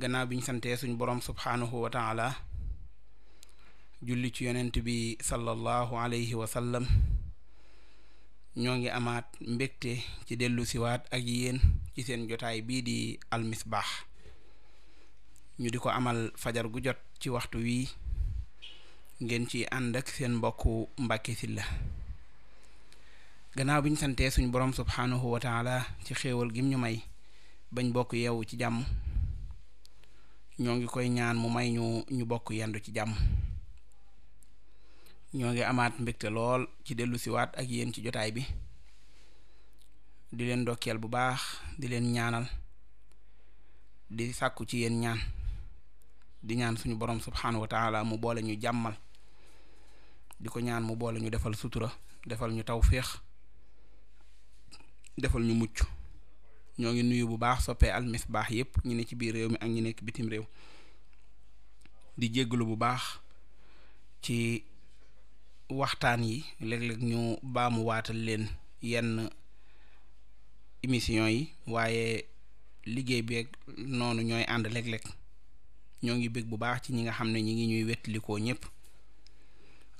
gannaaw bi ñu santee suñ boroom subhaanahu wa taala julli ci yonent bi sallallahu alayhi wa ñoo ngi amaat mbégte ci dellu siwaat ak yéen ci seen jotaay bii di almisbaax ñu di ko amal fajar gu jot ci waxtu wii ngeen ci ànd ak seen mbokku Mbàkke Sylla gannaaw bi ñu santee suñ boroom subhaanahu wa taala ci xéewal gim ñu may bañ bokk yeewu ci jàmm ñoo ngi koy ñaan mu may ñu ñu bokk yendu ci jàmm ñoo ngi amaat mbégte lool ci dellu siwaat ak yéen ci jotaay bi di leen ndokkeel bu baax di leen ñaanal di sàkku ci yéen ñaan di ñaan suñu borom subhaanahu wa mu boole ñu jàmmal di ko ñaan mu boole ñu defal sutura defal ñu tawféex defal ñu mucc ñoo ngi nuyu bu baax soppee baax yépp ñu ne ci biir réew mi ak ñu nekk bitim réew di jégglu bu baax ci waxtaan yi léeg-léeg ñu baamu waatal leen yenn émission yi waaye liggéey bi ak noonu ñooy ànd léeg-léeg ñoo ngi bég bu baax ci ñi nga xam ne ñi ngi ñuy wettalikoo ñépp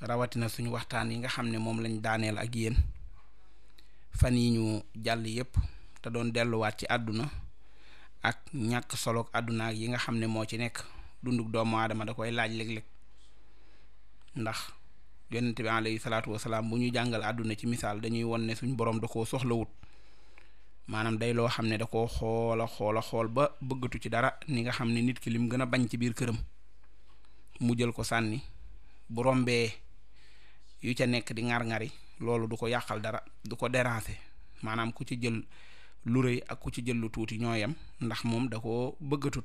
rawatina suñu waxtaan yi nga xam ne moom lañ daaneel ak yéen fan yi ñu jàll yépp te doon delluwaat ci àdduna ak ñàkk solo àdduna ak yi nga xam ne moo ci nekk dunduk doomu aadama da koy laaj léeg-léeg ndax yonent bi alayhi salaatu wasalaam bu ñu jàngal àdduna ci misaal dañuy won ne suñ borom da koo soxlawut maanaam day loo xam ne da koo xoola xoola xool ba bëggatu ci dara ni nga xam ne nit ki lim gën a bañ ci biir këram mu jël ko sànni boroom rombee yu ca nekk di ŋar-ŋari loolu du ko yàqal dara du ko déranger maanaam ku ci jël lu réy ak ku ci jël lu tuuti ñoo yem ndax moom da koo bëggatut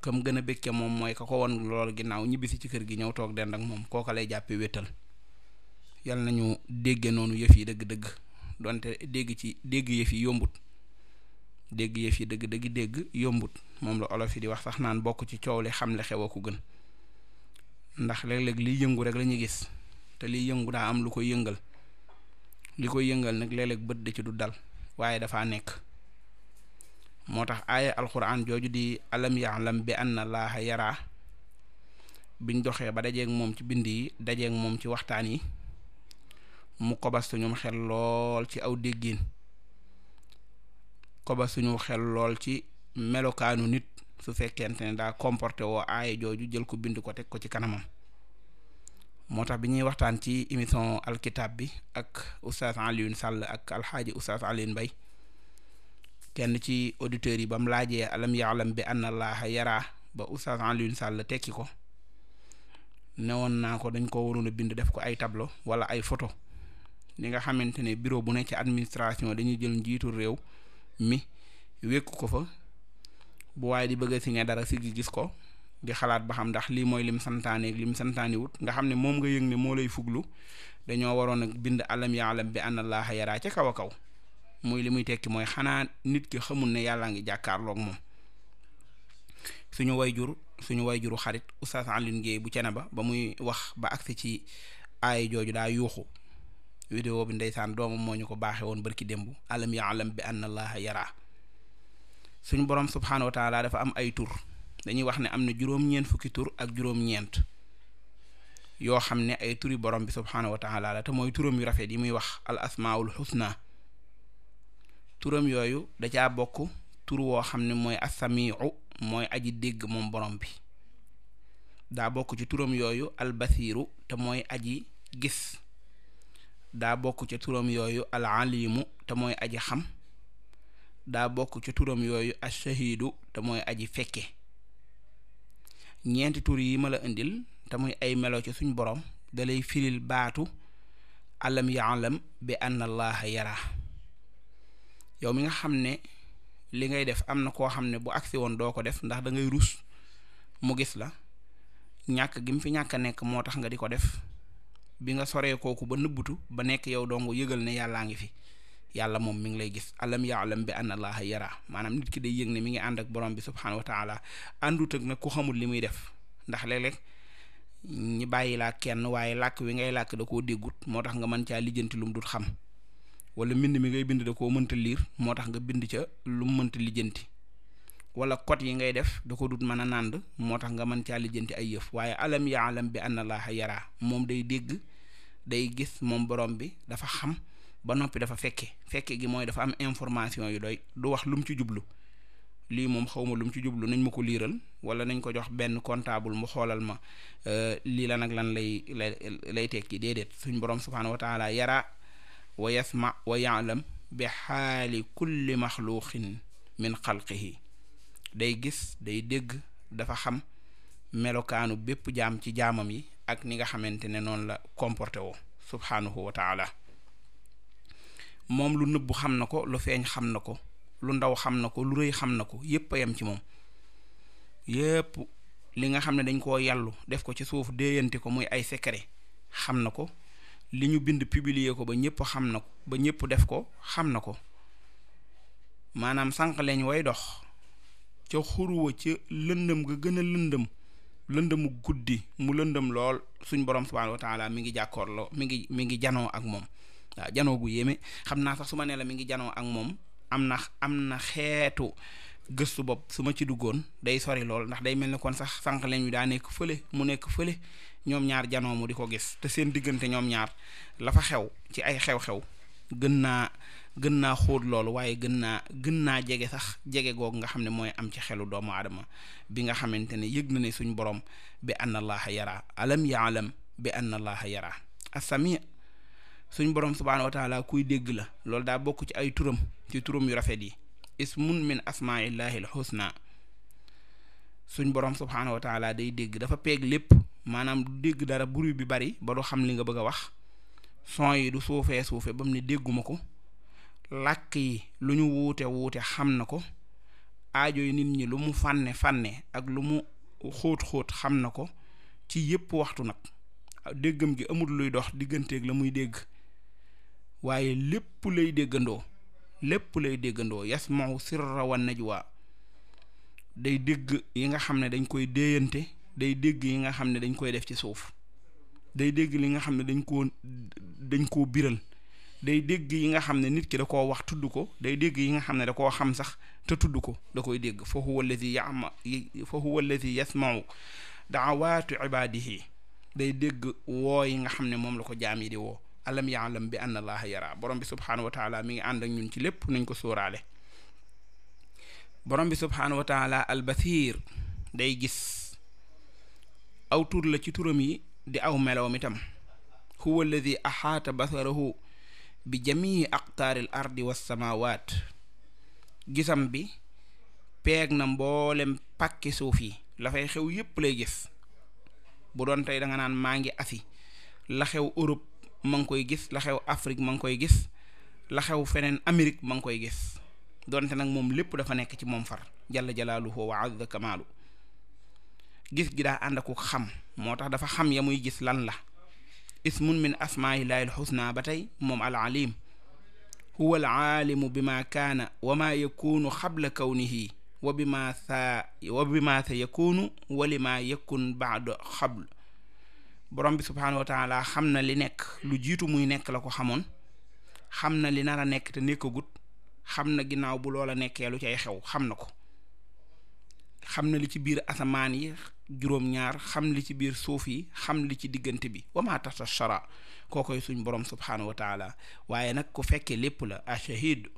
kam gën a bëgg ca moom mooy ka ko won loolu ginnaaw ñibbisi ci kër gi ñëw toog dend ak moom kooka lay jàppe wéttal yal nañu dégge noonu yëf yi dëgg-dëgg donte dégg ci dégg yëf yi yombut dégg yëf yi dëgg-dëgg dégg yombut moom la olof yi di wax sax naan bokk ci coow li xam le xew a ko gën ndax léeg liy yëngu rek la gis te liy yëngu daa am lu koy yëngal li koy yëngal nag léeg-léeg bët da ci du dal waaye dafa nekk moo tax aaya alquran jooju di alam yaalam bi na laaha yara biñ doxee ba dajeeg moom ci bind yi dajeeg moom ci waxtaan yi mu kobas suñu xel lool ci aw déggin kobas suñu xel lool ci melokaanu nit su fekkente ne daa comporté woo aaya jooju jël ko bind ko teg ko ci kanamam moo tax bi ñuy waxtaan ci émission alkitab bi ak oustaz Alioune Sall ak alxaaji oustaz Alioune Mbaye kenn ci auditeurs yi ba mu laajee alam yaalam bi anna allaha yaraa ba oustaz Alioune Sall tekki ko newoon naa ko dañ ko waroon a bind def ko ay tablo wala ay photo li nga xamante ne bureau bu ne ci administration dañuy jël njiitu réew mi wékk ko fa bu waaye di bëgg a signé dara si gi gis ko di xalaat ba xam ndax lii mooy lim santaane lim santaane wut nga xam ne moom nga yëg ne moo lay fuglu dañoo waroon ak bind alam yaalam bi anna laaha yaraa ca kaw a kaw muy li muy tekki mooy xanaa nit ki xamul ne yàllaa ngi jàkkaarloog moom suñu wayjur suñu wayjuru xarit Oustaz bu cene ba ba muy wax ba agsi ci aay jooju daa yuuxu vidéo bi ndeysaan doomam moo ñu ko baaxee woon barki démb alam yaalam bi anna laaha yaraa suñu borom subhaanahu wa taala dafa am ay tur dañuy wax ne am na juróom-ñeent fukki tur ak juróom-ñeent yoo xam ne ay turi borom bi subhaanahu wa taala te mooy turam yu rafet yi muy wax al asmaul xusna turam yooyu da caa bokk tur woo xam ne mooy assamiu mooy aji dégg moom borom bi daa bokk ci turam yooyu al basiru te mooy aji gis daa bokk ca turam yooyu al alimu te mooy aji xam daa bokk ci turam yooyu al shahidu te mooy aji fekke ñeenti tur yi ma la indil te muy ay melo ci suñ borom dalay firil baatu alam yaalam bi anna allaha yara yow mi nga xam ne li ngay def am na koo xam ne bu agsi woon doo ko def ndax dangay ngay rus mu gis la ñàkk gi mu fi ñàkk a nekk moo tax nga di ko def bi nga soree kooku ba nëbbutu ba nekk yow dong yëgal ne yàllaa ngi fi yàlla moom mi ngi lay gis alam yaalam bi anna allaha yara maanaam ki day yëg ne mi ngi ànd borom bi subhaanahu wa taala àndut ak nag ku xamul li muy def ndax léeg-léeg bàyyi laa kenn waaye làkk wi ngay làkk da koo déggut moo tax nga mën caa lijjanti lu mu dut xam wala mbind mi ngay bind da koo mënta liir moo tax nga bind ca lu mu mënta lijjanti wala code yi ngay def da ko dut mën a nànd moo tax nga mën caa lijjanti ay yëf waaye alam yaalam bi anna allaha yara moom day dégg day gis moom borom bi dafa xam ba noppi dafa fekke fekke gi mooy dafa am information yi doy du wax lu mu ci jublu lii moom xawma lu mu ci jublu nañ ma ko liiral wala nañ ko jox benn comptable mu xoolal ma euh, lii la nag lan lay lay tekki suñ borom subhaanahu wa yara wa yasma wa yaalam bi xaali kulli maxluuqin min xalqihi day gis day dégg dafa xam melokaanu bépp jaam ci jaamam yi ak ni nga xamante ne noonu la comporté woo subhaanahu wa moom lu nëbb xam na ko lu feeñ xam na ko lu ndaw xam na ko lu rëy xam na ko yépp a yem ci moom yépp li nga xam ne dañ koo yàllu def ko ci suuf déeyanti ko muy ay secret xam na ko li ñu bind publier ko ba ñëpp xam na ko ba ñëpp def ko xam na ko maanaam sànq way dox ca xuruwa ca lëndëm ga gën a lëndëm lëndëmu guddi mu lëndëm lool suñ borom subhaanahu wa taala mi ngi jàkkoorloo mi ngi mi ngi janoo ak moom waaw janoo gu yéeme xam naa sax su ma nee la mi ngi janoo ak moom am na am na xeetu gëstu bopp su ma ci duggoon day sori lool ndax day mel ni kon sax sànq la ñu daa nekk fële mu nekk fële ñoom ñaar janoo mu di ko gis te seen diggante ñoom ñaar la fa xew ci ay xew-xew gën naa gën naa xóot loolu waaye gën naa gën naa jege sax jege googu nga xam ne mooy am ci xelu doomu aadama bi nga xamante ne yëg na ne suñ boroom bi anna allaha yara alam yaalam bi anna allaha yara asami suñ borom subhaanahu wa kuy dégg la loolu daa bokk ci ay turam ci turam yu rafet yi ismun min asmaillahi alxusna suñ borom subhaanahu wa day dégg dafa peeg lépp maanaam du dégg dara bruit bi bari ba du xam li nga bëgg a wax son yi du suufee suufee ba mu ne dégguma ko làkk yi lu ñu wuute wuute xam na ko aajo yi nit ñi lu mu fànne fànne ak lu mu xóot xóot xam na ko ci yépp waxtu nag déggam gi amul luy dox digganteeg la muy dégg waaye lépp lay déggandoo lépp lay déggandoo yasmau sirra wa najwa day dégg yi nga xam ne dañ koy déeyante day dégg yi nga xam ne dañ koy def ci suuf day dégg li nga xam ne dañ koo dañ koo biral day dégg yi nga xam ne nit ki da koo wax tudd ko day dégg yi nga xam ne da koo xam sax te tudd ko da koy dégg fa huwa alladi yama fa huwa alladi yasmau daawaatu ibaadihi day dégg woo yi nga xam ne moom la ko jaam yi di woo alam yaalam bi anna allaha yara borom bi subhaanahu wa taala mi ngi ànd ak ñun ci lépp nuñ ko sóoraale borom bi subhaanahu wa taala albasir day gis aw tuut la ci turam yi di aw meloom itam huwa alladi axaata basarahu bi jamii aqtaaril ardi wassamaawaat gisam bi peeg na mboolem pàkki suuf yi la fay xew yépp lay gis bu doon tey da naan maa ngi asi la xew Europe ma ngi koy gis la xew Afrique ma ngi koy gis la xew feneen Amérique ma ngi koy gis donte nag moom lépp dafa nekk ci moom far jalla jalaaluhu wa azza kamaalu gis gi daa xam moo tax dafa xam ya muy gis lan la ismun min asmaaillaahil xusna ba tey moom al alim huwa al bi ma kaana wa ma yakunu xabla kawnihi wa bi ma sa wa bi ma sa yakunu wa li ma yakun baada xabl borom bi subhaanahu wa taala xam na li nekk lu jiitu muy nekk la ko xamoon xam na li nar a nekk te nekkagut xam na ginnaaw bu a nekkee lu cay xew xam na ko xam na li ci biir asamaan yi juróom-ñaar xam li ci biir suuf yi xam li ci diggante bi wama taxta shara kookoy suñ borom subhaanahu wa waaye nag ko fekke lépp la ashahid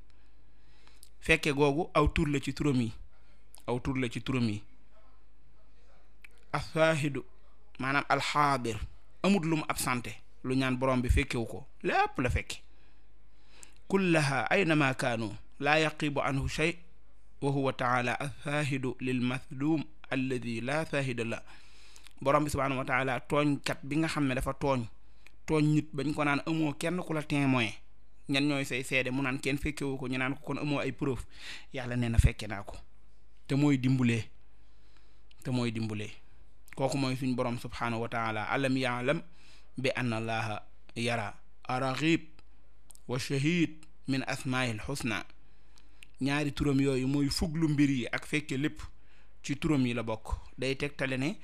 fekke googu aw tur la ci turam yi aw tur la ci turam yi asaahidu maanaam alxaadir amut lu mu absenté lu ñaan borom bi fekkewu ko lépp la fekke kullaha aynama kaanu laa yaqibu anhu shay wa huwa taala alsaahidu lil maslum alladi laa saahida la borom bi subhaanahu wa taala tooñkat bi nga xam ne dafa tooñ tooñ nit bañ ko naan amoo kenn ku la témoin ñan ñooy say seede mu naan kenn fekkewu ko ñu naan ko amoo ay preuve yàlla nee na fekke naa ko te mooy dimbulee te mooy dimbulee kooku mooy suñ borom subhaanahu wa taala alam yaalam bi anna yara araxib wa shahid min asmaa'il husna ñaari turam yooyu mooy lu mbir yi ak fekke lépp ci turam yi la bokk day tegtale ne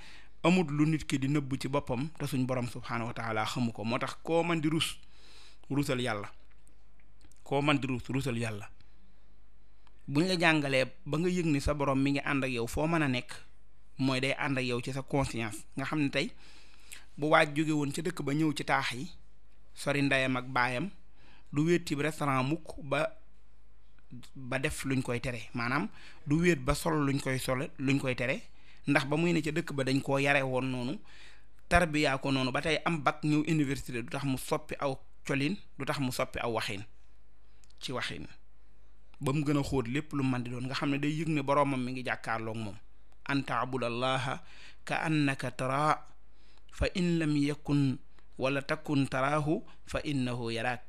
amut lu nit ki di nëbb ci boppam te suñ borom subhaanahu wa xamu ko moo tax koo man di rus rusal yàlla koo man di rus rusal yàlla bu la jàngalee ba nga yëg ni sa borom mi ngi ànd ak yow foo mën a nekk mooy day ànd ak yow ci sa conscience nga xam ne tey bu waaj jóge woon ca dëkk ba ñëw ci taax yi sori ndeyam ak baayam du wéet ci restaurant mukk ba ba def luñ koy tere maanaam du wéet ba sol luñ koy sol luñ koy tere ndax ba muy ne ca dëkk ba dañ koo yare woon noonu tarbiyaa ko noonu ba tey am bac ñëw université du tax mu soppi aw colin du tax mu soppi aw waxin ci waxin ba mu gën a xóot lépp lu man di doon nga xam ne day yëg ne boroomam mi ngi jàkkaarloog moom an taabudallaha ka annaka taraa fa in lam yakun wala takkun taraahu fa innahu yaraak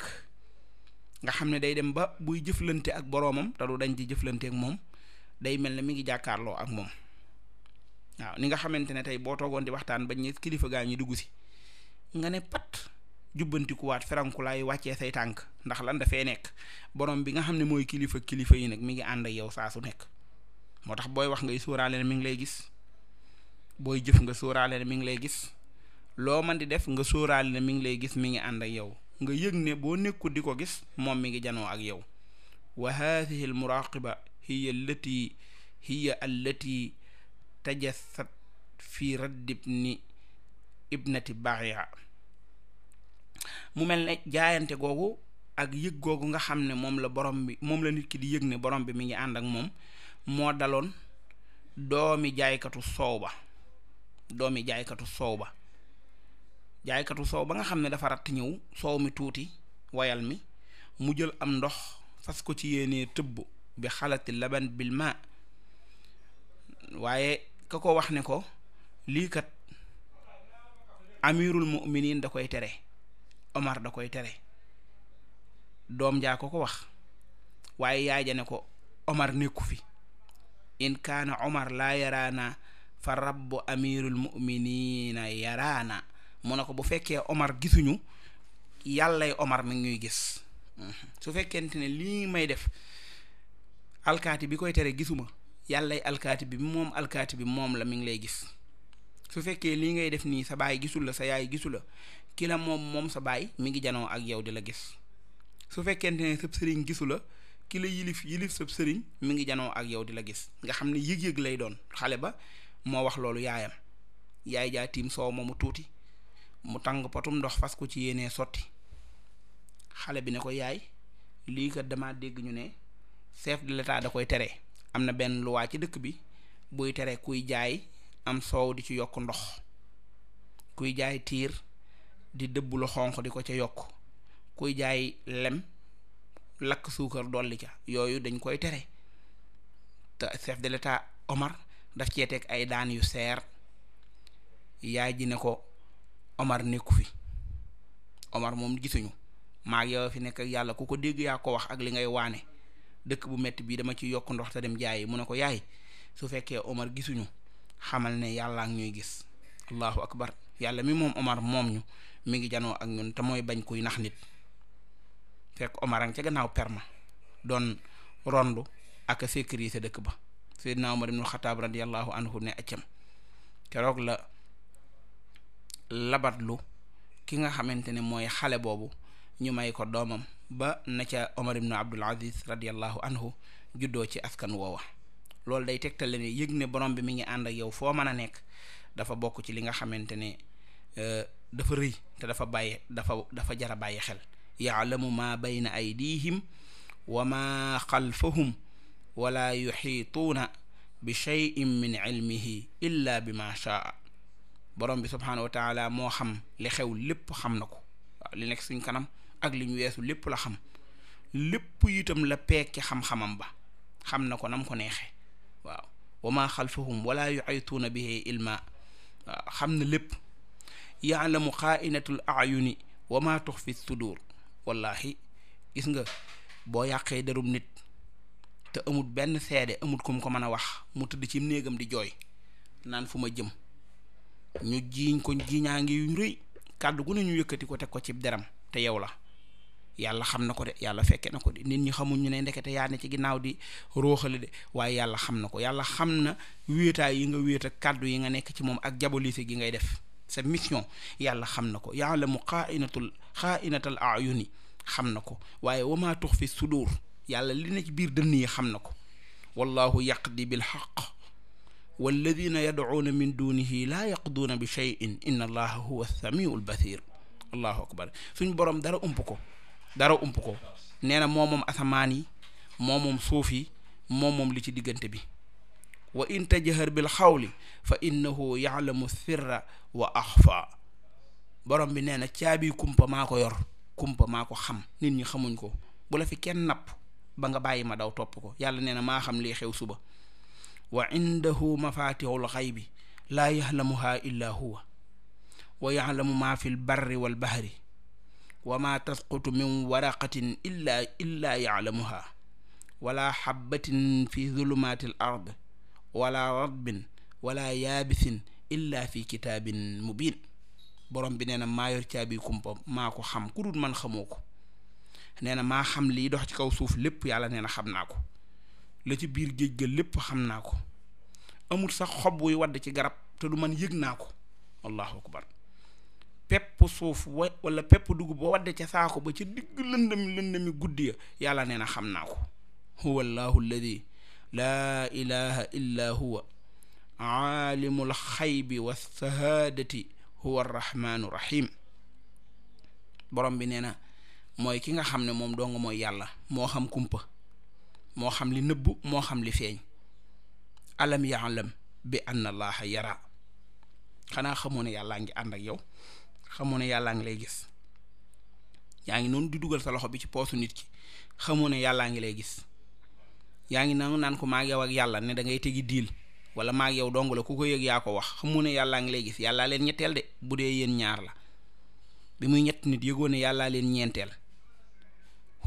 nga xam ne day dem ba buy jëflante ak boroomam te du dañ di jëflante moom day mel ne mi ngi jàkkaarloo ak moom waaw ni nga xamante ne tey boo toogoon di waxtaan bañ ne kilifa gaa ñu dugg si nga ne pat jubbantikuwaat ferankulaay wàccee say tànk ndax lan dafay nekk borom bi nga xam ne mooy kilifa kilifa yi nag mi ngi ànd ak yow saa su nekk moo tax booy wax ngay sóoraale ne mi ngi lay gis booy jëf nga sóoraale mi ngi lay gis loo man di def nga sóoraale ne mi ngi lay gis mi ngi ànd ak yow nga yëg ne boo nekkul di ko gis moom mi ngi janoo ak yow wa haadihi al muraqiba hiya allati hiya allati tajassat fi raddibni ibnati baria mu mel ne jaayante googu ak yëg googu nga xam ne moom la borom bi moom la nit ki di yëg ne borom bi mi ngi ànd ak moom moo daloon doomi jaaykatu soow ba doomi jaaykatu soow ba jaaykatu soow ba nga xam ne dafa ratt ñëw soow mi tuuti woyal mi mu jël am ndox fas ko ci yéenee tëbb bi xalati laban bil waaye ka ko wax ne ko liikat amirul muminin da koy tere Omar da koy tere doom jaa ko ko wax waaye yaay ja ne ko Omar nekku fi in kaana omar laa yaraana fa rabbu amirul muminina yaraana mu ne ko bu fekkee omar gisuñu yàllay omar mi ngi ñuy gis mhm. su fekkent ne lii may def alkaati bi koy tere gisuma yàllay alkaati bi moom alkaati bi moom la mi ngi lay gis su fekkee lii ngay def nii sa baay gisul la sa yaay gisu la ki la sa baay mi ngi janoo ak yow di la gis su fekkente ne sëb gisu la kilo yilif yilif sab sëriñ mu ngi janoo ak yow di la gis nga xam ne yëg-yëg lay doon xale ba moo wax loolu yaayam yaay jaa soow soow mu tuuti mu tàng potum ndox fas ko ci yéenee sotti xale bi ne ko yaay lii kat dama dégg ñu ne seef de l'état da koy tere am na benn luwaa ci dëkk bi buy tere kuy jaay am soow di ci yokk ndox kuy jaay tiir di dëbb lu xonq di ko ca yokk kuy jaay lem lakk suukar dolli ca yooyu dañ koy tere te chef de Omar daf cee teg ay daan yu seer yaay ji ne ko Omar nekku fi Omar moom gisuñu maa ak yow fi nekk yàlla ku ko dégg yaa ko wax ak li ngay waane dëkk bu metti bii dama ci yokk ndox te dem yi mu ne ko yaay su fekkee Omar gisuñu xamal ne yàlla ak ñuy gis allahu akbar yàlla mi moom Omar moom ñu mu ngi janoo ak ñun te mooy bañ kuy nax nit fekk Omar ca gannaaw perma doon rond ak a sécuriser dëkk ba Seydina Omar ibnu Xataab radiyallahu anhu ne accam keroog la labatlu ki nga xamante ne mooy xale boobu ñu may ko doomam ba na ca Omar ibnu Abdul Aziz radiyallahu anhu juddoo ci askan woowa loolu day tegtale ne yëg ne borom bi mu ngi ànd ak yow foo mën a nekk dafa bokk ci li nga xamante ne euh, dafa rëy te dafa bàyyi dafa dafa jara bàyyi xel yaalamu maa bayna aydihim wa maa xalfahum wala yuxiituuna bi cheyin min cilmihi illa bi maa shaa borom bi subhaanahu wa taala moo xam li xew lépp xam na ko li nekk suñ kanam ak li ñu weesu lépp la xam lépp itam la peeki xam-xamam ba xam na ko nam ko neexe waaw wa maa xalfahum wala yuxiituuna bihi ilma xam na lépp yaalamu xaainatul ayuni wa maa tux fi wallaahi gis nga boo yàqee derum nit te amut benn seede amul kum ko mën a wax mu tëdd ci néegam di jooy naan fu ma jëm ñu jiiñ ko jiiñaa ngi rëy kàddu gu ne ñu yëkkati ko teg ko cib deram te yow la yàlla xam na ko de yàlla fekke na ko de nit ñi xamuñ ñu ne ndekete yaa ne ci ginnaaw di rooxale de waaye yàlla xam na ko yàlla xam na wéetaay yi nga wéet ak kàddu yi nga nekk ci moom ak jabolise gi ngay def sa mission yàlla xam na ko yaalamu xaainatul xaainatal ayuni xam na ko waaye wama tux fi sudur yàlla li na ci biir dënn yi xam na ko wallahu yaqdi bil xaq walladina yadcuuna min dunihi laa yaqduuna bi cheyin inna allaha huwa samiu lbasir allahu akbar suñ borom dara ump ko dara ump ko nee na moo moom asamaan yi moo moom suuf yi moo moom li ci diggante bi wa in tajhar bil xawli fa innahu yaalamu sirra wa bi nee na caabi kumpa maa ko yor kumpa maa ko xam nit ñi xamuñ ko bu fi kenn napp ba nga bàyyi ma daw topp ko yàlla nee na maa xam lii xew suba wa indahu mafatihul xaybi laa yaxlamuha illa huwa wa yaxlamu maa fi lbarri walbahri wa maa tasqutu min waraqatin illa illa yaxlamuha wala xabatin fi zulumaati l wala ratbin wala yaabisin illa fi kitaabin mubin borom bi nee na maa yor caabi kumpa maa ko xam ku dul man xamoo ko nee na maa xam lii dox ci kaw suuf lépp yàlla nee na xam naa ko la ci biir géej ga lépp xam naa ko amul sax xob wuy wadd ci garab te du man yëg naa ko allahu akbar pepp suuf wa wala dugub ba wadde ca saako ba ci digg lëndëm lëndëmi guddi ya yàlla nee na xam naa ko huwa allahu alladi laa ilaha illa huwa aalimu alxaybi walsahaadati huwa arrahmanu rahim borom bi nee na mooy ki nga xam ne moom dong mooy yàlla moo xam kumpa moo xam li nëbb moo xam li feeñ alam yaalam bi anna allaha yara xanaa xamoo ne yàllaa ngi ànd ak yow xamoo ne yàllaa ngi lay gis yaa ngi noonu di dugal sa loxo bi ci poosu nit ki xamoo ne yàllaa ngi lay gis yaa ngi nangu naan ko maag yow ak yàlla ne dangay teggi tegi diil wala maag yow dong la ku ko yëg yaa ko wax xamu ne yàllaa ngi lay gis yàllaa leen ñetteel de bu ñaar la bi muy ñett nit yëgoo yàllaa leen ñeenteel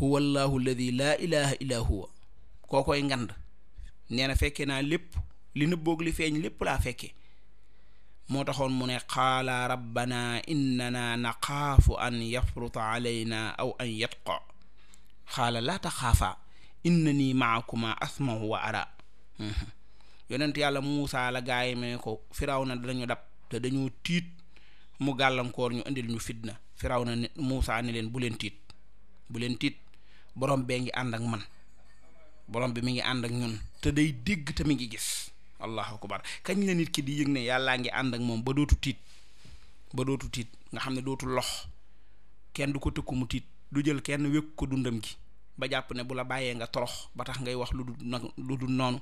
huwa allahu alladi laa ilaha huwa koo koy ngand nee na naa lépp li nëbboog li feeñ lépp laa fekkee moo taxoon mu ne qaala rabbana innana naxaafu an yafruta aw an yatqa qaala laa taxaafaa inna nii maakuma asmahu wa ara mhm. yonent yàlla Muusaa la gaay mee ko na dañu dab te dañoo tiit mu gàllankoor ñu indil ñu fitna na ne Muusaa ne leen bu leen tiit bu leen tiit borom bee ngi ànd ak man borom bi mu ngi ànd ak ñun te day dégg te mi ngi gis allahu akbar kañ la nit ki di yëg ne yàllaa ngi ànd ak moom ba dootu tiit ba dootu tiit nga xam ne dootu lox kenn du ko tëkku tiit du jël kenn wékk ko dundam gi ba jàpp ne bu la bàyyee nga torox ba tax ngay wax lu dul nag lu dul noonu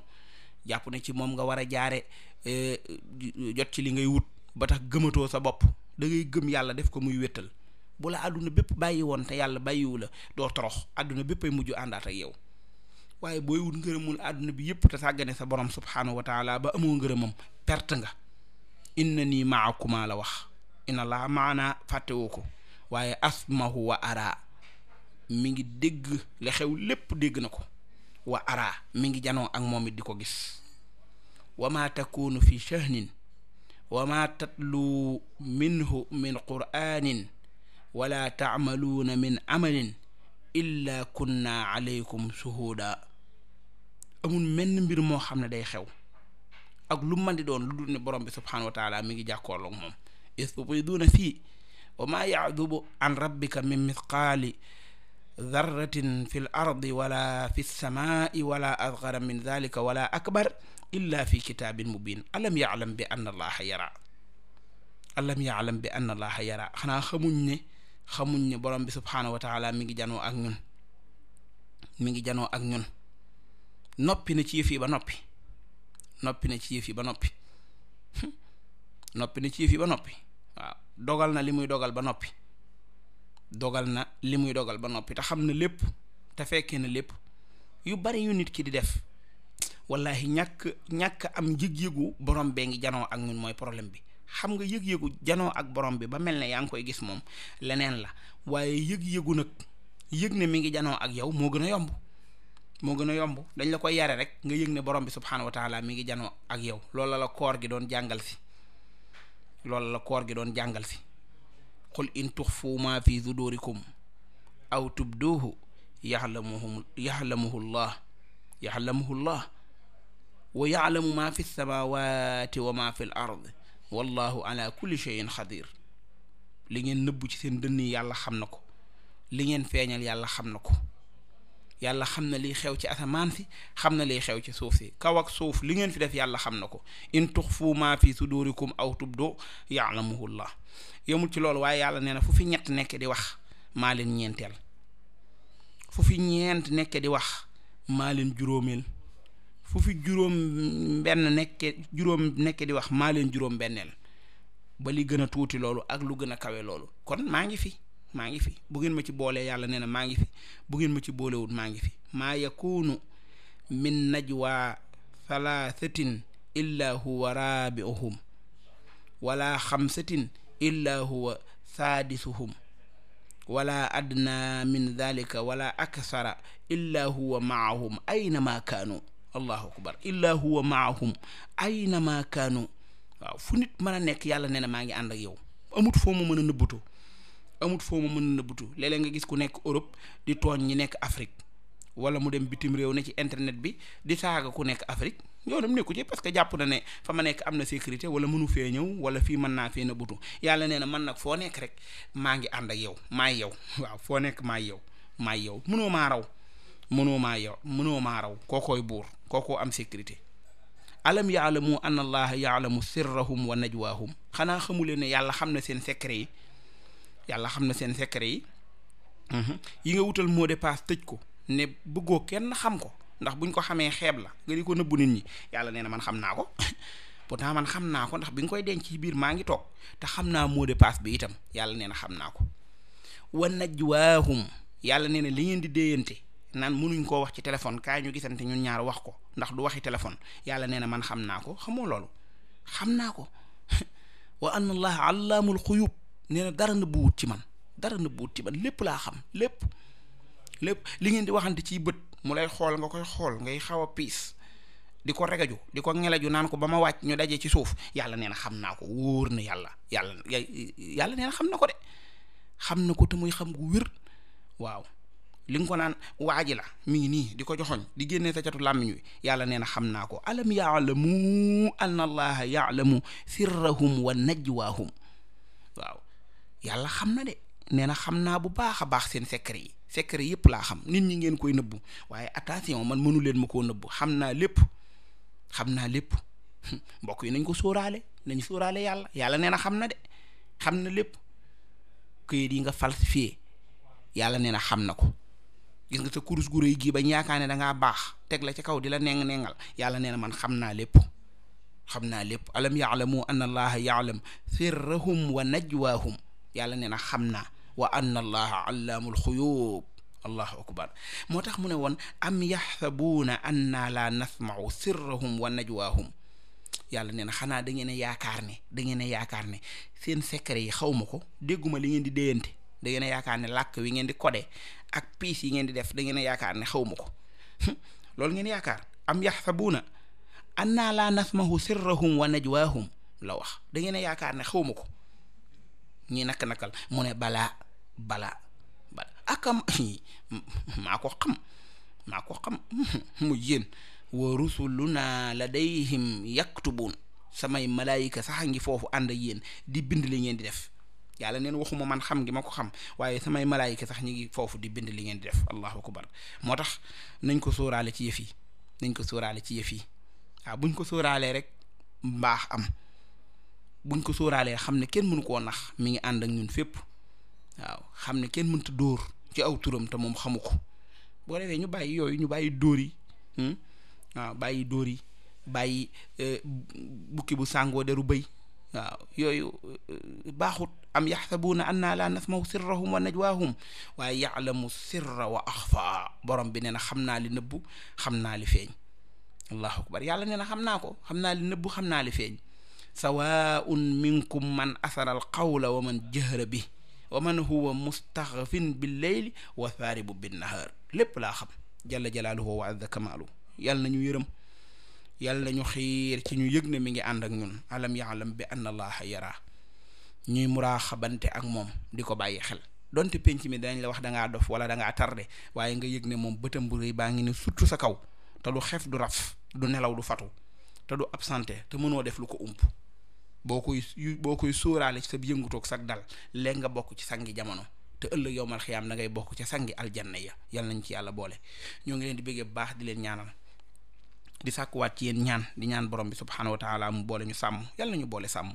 jàpp ne ci moom nga war a jaare e, jot ci li ngay wut ba tax gëmatoo sa bopp da ngay gëm yàlla def ko muy wéttal bu la àdduna bépp bàyyi woon te yàlla bàyyiwu la doo torox àdduna bépp ay mujj àndaat ak yow waaye booy wut ngërëmul àdduna bi yépp te sàggane sa borom subhaanahu wa taala ba amoo ngërëmam perte nga na nii maakuma la wax inna laa maanaa fàttewoo ko waaye asmahu wa mi ngi dégg lépp dégg na ko wa ara mi ngi janoo ak moom it di ko gis wa ma takunu fi shahnin wa ma tatlu minhu min qur'anin wala taamaluuna min amalin illa kunna alaykum suhuda amul menn mbir moo xam ne day xew ak lu man di doon lu dul ne borom bi subhanahu wa taala mi ngi jàkkoorloog moom is wa ma yaadubu an rabbika min mithqaali darratin fi l ardi wala fi lsamai wala asgara min dalika wala akbar illa fi kitaabin mubin alam yaalam bi ann allaha yara alam yaalam bi ann allaha yara xanaa xamuñ ne xamuñ ne borom bi subhaanahu wa taala mi ngi janoo ak ñun mi ngi janoo ak ñun noppi na ci yëf ba noppi noppi na ci yëf yi ba noppi noppi na ci ba noppi dogal na li muy dogal ba noppi dogal na li muy dogal ba noppi te xam na lépp te fekkee na lépp yu bari yu nit ki di def wallahi ñàkk ñàkk am yëg-yëgu borom bee ngi janoo ak ñun mooy problème bi xam nga yëg-yëgu janoo ak borom bi ba mel ne yaa ngi koy gis moom leneen la waaye yëg-yëgu nag yëg ne mi ngi janoo ak yow moo gën a yomb moo gën a yomb dañ la koy yare rek nga yëg ne borom bi subxanahu wa taala mi ngi janoo ak yow loolu la koor gi doon jàngal si loolu la koor gi doon jàngal si. qul in tuxfu ma fi sudurikum aw tubduuhu yaxlamuhu yaxlamuhu llah yaxlamuhu llah wa yaxlamu ma fi samawati wa ma fi l ard wallahu ala kulli cheyin xadir li ngeen nëbbu ci seen dënn yi yàlla xam na ko li ngeen feeñal yàlla xam na ko yàlla xam na liy xew ci asamaan si xam na liy xew ci suuf si kaw ak suuf li ngeen fi def yàlla xam na ko in fii su fi sudurikum aw tub doo tubdu ya'lamuhullah yemul ci loolu waaye yàlla nee na fu fi ñett nekk di wax maa leen ñeenteel fu fi ñeent nekk di wax maa leen juróomeel fu juróom benn nekke nekke di wax maa leen juróom benneel ba li gën a tuuti loolu ak lu gën a kawe loolu kon maa ngi fi maa ngi fi bu ngeen ma ci boole yàlla nee na maa ngi fi bu ngeen ma ci boolewut maa ngi fi maa yakunu min najwa thalathatin illa huwa rabiuhum wala xamsatin illa huwa saadisuhum wala adna min dhalika wala aksara illa huwa maahum aynama kaanu allahu akbar illa huwa maahum aynama kaanu fu nit mën a nekk yàlla nee na maa ngi ànd ak yow amut foo mu mën a amut foo ma mën na nëbbutu léeg nga gis ku nekk Europe di tooñ ñi nekk Afrique wala mu dem bitim réew ne ci internet bi di saaga ku nekk Afrique yoonam nekku ci parce que jàpp na ne fa nekk am na sécurité wala mënu fee ñëw wala fii mën naa fee nëbbutu yàlla nee na man nag foo nekk rek maa ngi ànd ak yow maay yow waaw foo nekk maay yow maay yow mënoo maa raw mënoo maa yow mënoo maa raw kookooy buur kookoo am sécurité alam yaalamu an allaha yaalamu sirrahum wa najwaahum xanaa xamuleen ne yàlla xam na seen secret yi yàlla xam na seen secret yi mhm. yi nga wutal mot de passe tëj ko ne bëggoo kenn xam ko ndax buñ ko xamee xeeb la nga di ko nëbbu nit ñi yàlla nee na man xam naa ko pourtant man xam naa ko ndax bi nga koy denc ci biir maa ngi toog te xam naa mot de passe bi itam yàlla nee na xam naa ko wa najwaahum yàlla nee na li ngeen di déyante naan mënuñ koo wax ci téléphone kaay ñu gisante ñun ñaar wax ko ndax du waxi téléphone yàlla nee na man xam ko xamoo loolu xam naa ko wa anna allaamul xuyub nee na dara nëbbu ci man dara nëbbu wut ci man lépp laa xam lépp lépp li ngeen di waxante ciy bët mu lay xool nga koy xool ngay xaw a piis di ko regaju di ko ngelaju naan ko ba ma wàcc ñu dajee ci suuf yàlla nee na xam naa ko wóor na yàlla yàlla yàlla nee xam na ko de xam na ko te muy xam gu wér waaw li ko naan waaji la mi ngi nii di ko joxoñ di génnee sa catu làmmiñ wi yàlla nee na xam naa ko alam yaalamu anna allaha yaalamu sirrahum wa najwaahum yàlla xam na de nee na xam naa bu baax a baax seen secret yi secret yëpp laa xam nit ñi ngeen koy nëbbu waaye attention man mënu leen ma koo nëbbu xam naa lépp xam naa lépp mbokk yi nañ ko sóoraale nañ sóoraale yàlla yàlla nee na xam na de xam na lépp këyit yi nga falsifié yàlla nee na xam na ko gis nga sa kurus gu rëy gii ba yaakaar ne da ngaa baax teg la ci kaw di la neng nengal yàlla nee na man xam naa lépp xam naa lépp alam yaalamu anna allaha yaalam sirrahum wa najwaahum yàlla nee na xam naa wa anna allaha allaamul xuyuub allahu akbar moo tax mu ne woon am yaxsabuuna anna laa nasmau sirrahum wa najwaahum yàlla nee xanaa da ngeen yaakaar ne da ngeen yaakaar ne seen secret yi xaw ko dégguma li ngeen di déyante da yaakaar ne làkk wi ngeen di codé ak piis yi ngeen di da ngeen a yaakaar ne xaw ma ko loolu ngeen yaakaar am yaxsabuuna anna laa nasmahu sirrahum wa najwaahum la wax da ngeen yaakaar ne xaw ma ko ñi nak nakal mu ne balaa balaa balaa akam ah, maa ko xam maa ko xam mu yéen wa rusuluna ladayhim yaktubun samay malaayika sax a ngi foofu ànd ak yéen di bind li ngeen di def yàlla neen waxuma man xam ngi ma ko xam waaye samay malaayika sax ñu ngi foofu di bind li ngeen di def allahu akbar moo tax nañ ko sóoraale ci yëf yi nañ ko sóoraale ci yëf yi buñ ko sóoraalee rek mbaax am buñ ko sóoraalee xam ne kenn mënu koo nax mi ngi ànd ak ñun fépp waaw xam ne kenn mënta dóor ci aw turam te moom xamu ko boo defee ñu bàyyi yooyu ñu bàyyi dóor yi hmm? waaw bàyyi dóor yi bàyyi eh, bukki bu sàngoo deru bëy waaw yooyu eh, baaxut am yaxsabuuna annaa laa nasmaw sirrahum wa najwaahum waaye yaalamu sirra wa axfa borom bi nee xam naa li nëbbu xam naa li feeñ allahu akbar yàlla nee na xam naa ko xam naa li nëbbu xam naa li feeñ sawaun minkum man asara al qawla wa man jëhra bi wa man huwa mustaxfin bil leyli wa thaaribu bin nahaar lépp laa xam jalla jalaaluhu wa azza kamaalu yàlla na ñu yërëm yàlla na ñu xiir ci ñu yëg ne mi ngi ànd ak ñun alam yaalam bi anna allaha yara ñuy muraaxabante ak moom di ko bàyyi xel donte penc mi dañ la wax da dof wala da ngaa tardé waaye nga yëg ne moom bëtam bu rëy baa ngi ne suttu sa kaw te lu xef du raf du nelaw du fatu te du absenté te mënoo def lu ko ump boo koy boo koy sóoraale ci sa yëngutoog sag dal léeg nga bokk ci sangi jamono te ëllëg yow mal xiyaam da ngay bokk ca sangi aljanna ya yal nañ ci yàlla boole ñoo ngi leen di bëggee bu baax di leen ñaanal di sàkkuwaat ci yéen ñaan di ñaan borom bi subxanahu wa taala mu boole ñu sàmm yal ñu boole sàmm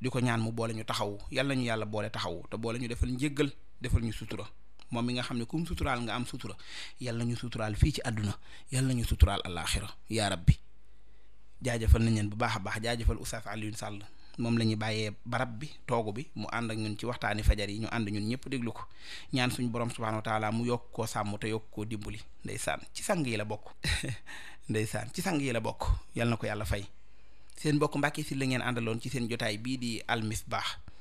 di ko ñaan mu boole ñu taxawu yal ñu yàlla boole taxawu te boole ñu defal njégal defal ñu sutura moom mi nga xam ne kum suturaal nga am sutura yal nañu suturaal fii ci àdduna yal nañu suturaal alaaxira yaa rabbi jaajëfal nañ leen bu baax a baax jaajëfal Oustaz Alioune Sall moom la ñuy bàyyee barab bi toogu bi mu ànd ak ñun ci waxtaani fajar yi ñu ànd ñun ñëpp déglu ko ñaan suñu borom subhaanahu wa taala mu yokk ko sàmm te yokk koo ndey saan ci sang yi la bokk ndeysaan ci sang yi la bokk yal na ko yàlla fay seen mbokk Mbàkke si la ngeen àndaloon ci seen jotaay bii di Al Misbah